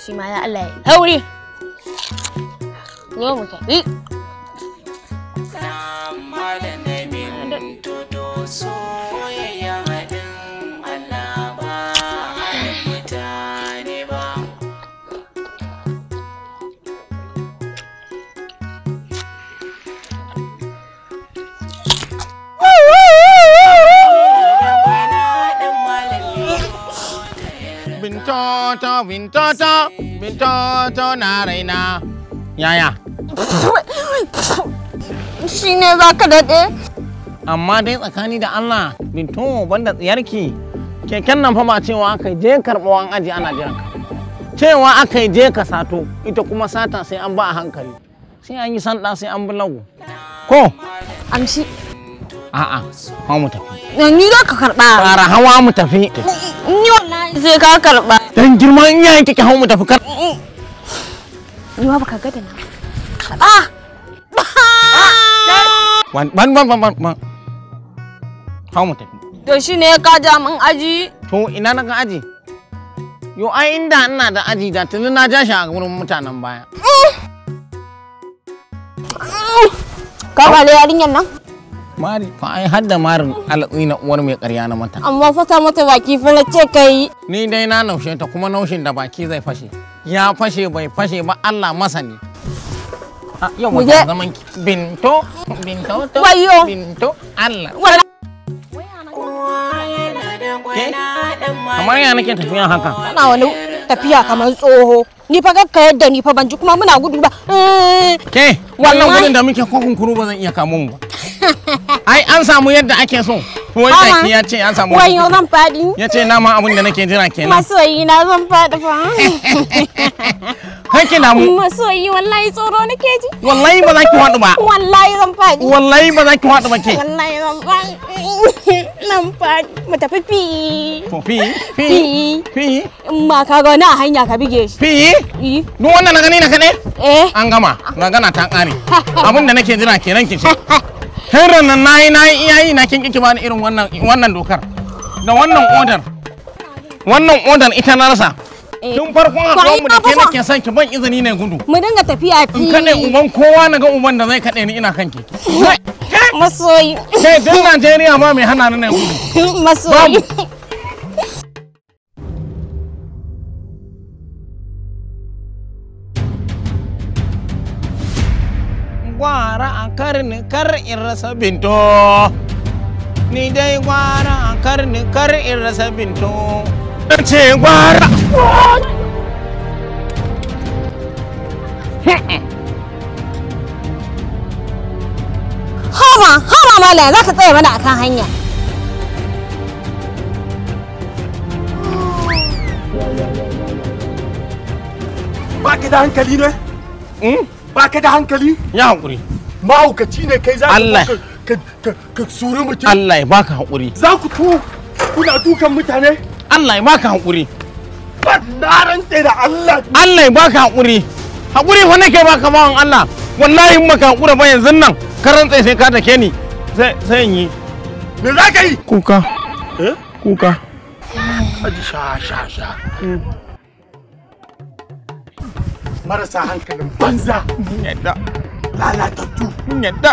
shi ma ya Allah ya hauri yau mu tafi malamin tudo so wintoto wintoto na raina yaya shi ne za ka daɗe amma dai tsakani da allah binto banda tsiyarki keken nan fa ba cewa aka je karɓo aji ana jiran cewa aka je ka sato ita kuma sata sai an ba a hankali sai an yi sanda sai an bi lagu ko amshi A'a, hawa mu tafi. Ni za ka karɓa. fara hawa mu tafi. Ni wallahi sai ka karɓa. Dan girman iyayen kike hawa mu tafi kar. Ni ba ka gada na. Karɓa. Ah! Ah! Ban ban ban ban ban. Hawa mu tafi. To shi ne ka ja min aji? To ina na ka aji? Yo ai inda ina da aji da tun na ja shi a gurin mutanen baya. Mm. Mm. Ka kwale yarinyar nan? mari fa ai har da marin alatsi na uwar mai ƙarya na mata amma fata mata baki fa na ce kai ni dai na naushe ta kuma naushin da baki zai fashe ya fashe bai fashe ba Allah masani ah, yau wata zaman ki binto binto to binto Allah kamar ya nake tafiya haka ana wani tafiya kamar tsoho ni fa ka yadda ni fa ban ji kuma muna gudu ba ke wannan gudun da muke kokun kuru ba zan iya kamun mu ba ai an samu yadda ake so wai zaki ya ce an samu wai zan faɗi ya ce nama abin da nake jira kenan masoyi na zan faɗi fa kake na mu masoyi wallahi tsoro nake ji wallahi ba za ki faɗi ba wallahi zan faɗi wallahi ba za ki faɗi ba ke wallahi zan faɗi nan faɗi mu tafi fi fi fi fi in ma ka ga na hanya ka bige shi fi ni wannan na gani na kaɗai eh an gama na gana ta kare abin da nake jira kenan ki ce tun nan na yi na iyayi na kin kiki bani irin wannan wannan dokar da wannan odar wannan odar ita na rasa eh. tun farkon haɗuwar mu da ke nake son ki ban izini ne gudu mu dinga tafiya fi in kaɗe uban kowa na ga uban da zai kaɗe ni ina kan keke masoyi kai duk Najeriya ma mai hana ni ne gudu masoyi in rasa binto ni dai gwara kar ni kar in rasa binto ce gwara Hama, hama mala za ka tsaya mana kan hanya. Ba ka da hankali ne? Hmm? Ba ka da hankali? Ya hankuri. mahaukaci ne kai za ka suri mutum Allah ya baka haƙuri za ku tu kuna dukan mutane Allah ya baka haƙuri na sai da Allah Allah ya baka haƙuri haƙuri fa nake baka wan Allah wallahi in maka hakura ba yanzu nan ka tsaye sai ka take ni sai in yi me za ka yi kuka eh? kuka aji sha sha sha hmm. marasa hankalin banza yadda lalatattu mun yadda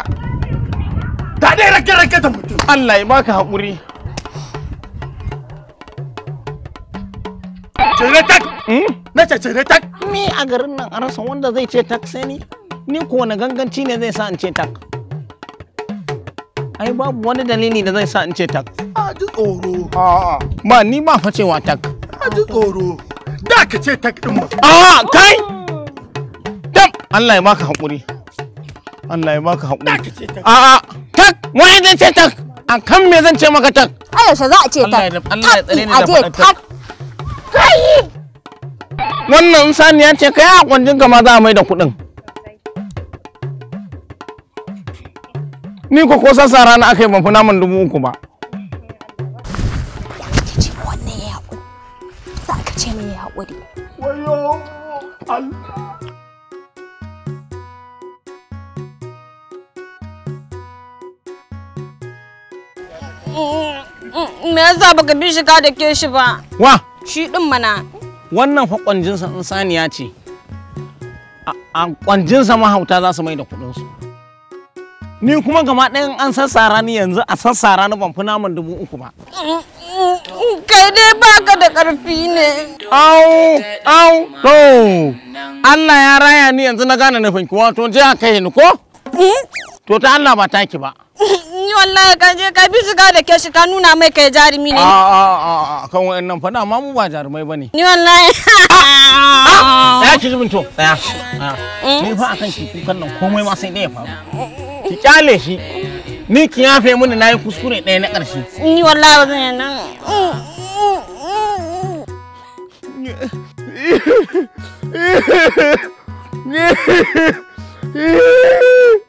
da dai rake rake ta mutu. Allah ya baka haƙuri cire tak hmm? na ce cire tak ni a garin nan a rasa wanda zai ce tak sai ni ni ko wani ganganci ne zai sa in ce tak ai babu wani dalili da zai sa in ce tak a ji tsoro ma ni ma fa cewa tak a ji tsoro da ka ce tak din ba a kai dam Allah ya baka haƙuri Allah ya baka haƙuri. a tak, mu zan ce tak. A kan me zan ce maka tak? Allah za a ce tak. Allah ya tsare ni da faɗa tak. Kai! Wannan saniya ce kai a kwanjin ma za a mai da kuɗin. Ni ko ko sassa rana aka yi ban fi naman dubu uku ba. Wannan ya haƙuri. Za ka ce mini haƙuri. Wayo! Allah! Mm, mm, me yasa baka bi shi ka da ke shi ba? Wa? Shi ɗin mana. Wannan fa kwanjinsa in saniya ce. A kwanjinsa mahauta za su mai da kuɗinsu. Ni kuma gama ɗayan an sassara ni yanzu a sassara ni ban fi naman dubu uku ba. Mm, kai dai baka da karfi ne. Au, au, to. Allah ya raya ni yanzu na gane nufin ki wato je a kai ni ko? To ta Allah ba taki ba. wallahi ka je ka bi shiga da ke shi ka nuna mai kai jarumi ne. A a a kan wayannan fa dama mu ba jarumai bane. Ni wallahi. Ya ki zubin to. Ya. Ni fa akan ki kukan nan komai ma sai ne ya faru. Ki kyale shi. Ni ki yafe mini nayi kuskure ɗaya na ƙarshe. Ni wallahi ba zan yana. Yeah.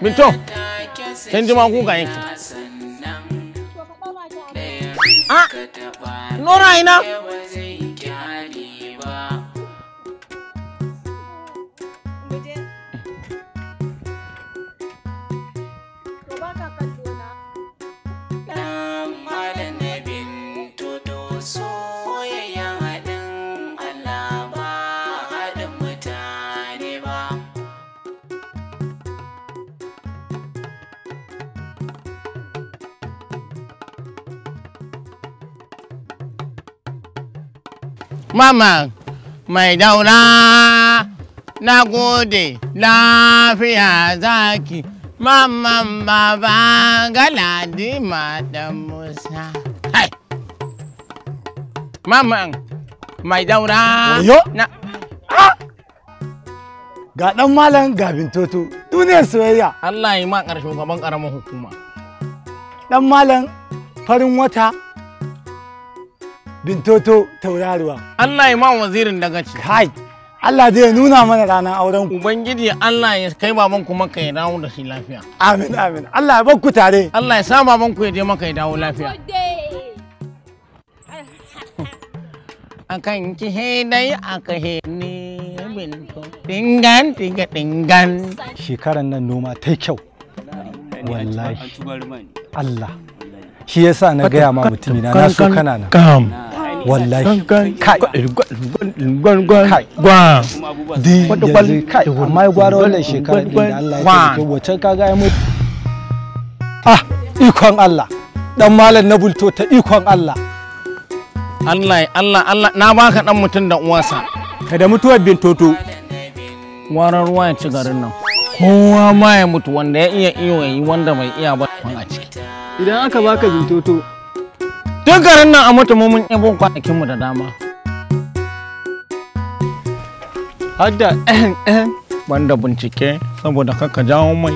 Minto, can ji magu ga yanki. Ah, Nora mama mai daura na gode lafiya zaki maman baba galadi madan musa hai maman mai daura yo na ga ɗan malam gabin toto duniyar soyayya Allah yi ma ƙarshen gaban ƙaramin hukuma Ɗan malam farin wata bintoto tauraruwa Allah ya ma wazirin daga ci kai Allah zai nuna mana ranar auren ku ubangiji Allah ya kai baban ku maka ya dawo da shi lafiya amin amin Allah ya bar ku tare Allah ya sa baban ku ya je maka ya dawo lafiya akan ki he dai aka he ne binto dingan dinga dingan shekaran nan noma ta kyau wallahi Allah shi yasa na gaya ma mutumina. na so kana nan wallahi kai gwan di yanzu kai amma ya gwara wannan shekara da Allah ya kai wacce kaga ya mutu ah ikon Allah dan malam na bulto ta ikon Allah Allah Allah Allah na baka dan mutun da uwansa ka da mutuwar bin toto. warar ruwa ya ci garin nan kowa ma ya mutu wanda ya iya iyo yayi wanda bai iya ba a ciki idan aka baka toto. Duk garin nan a mutu mu mun yabo kwanakinmu da dama. Hadda ehem ehem banda bincike saboda kaka jawo mai.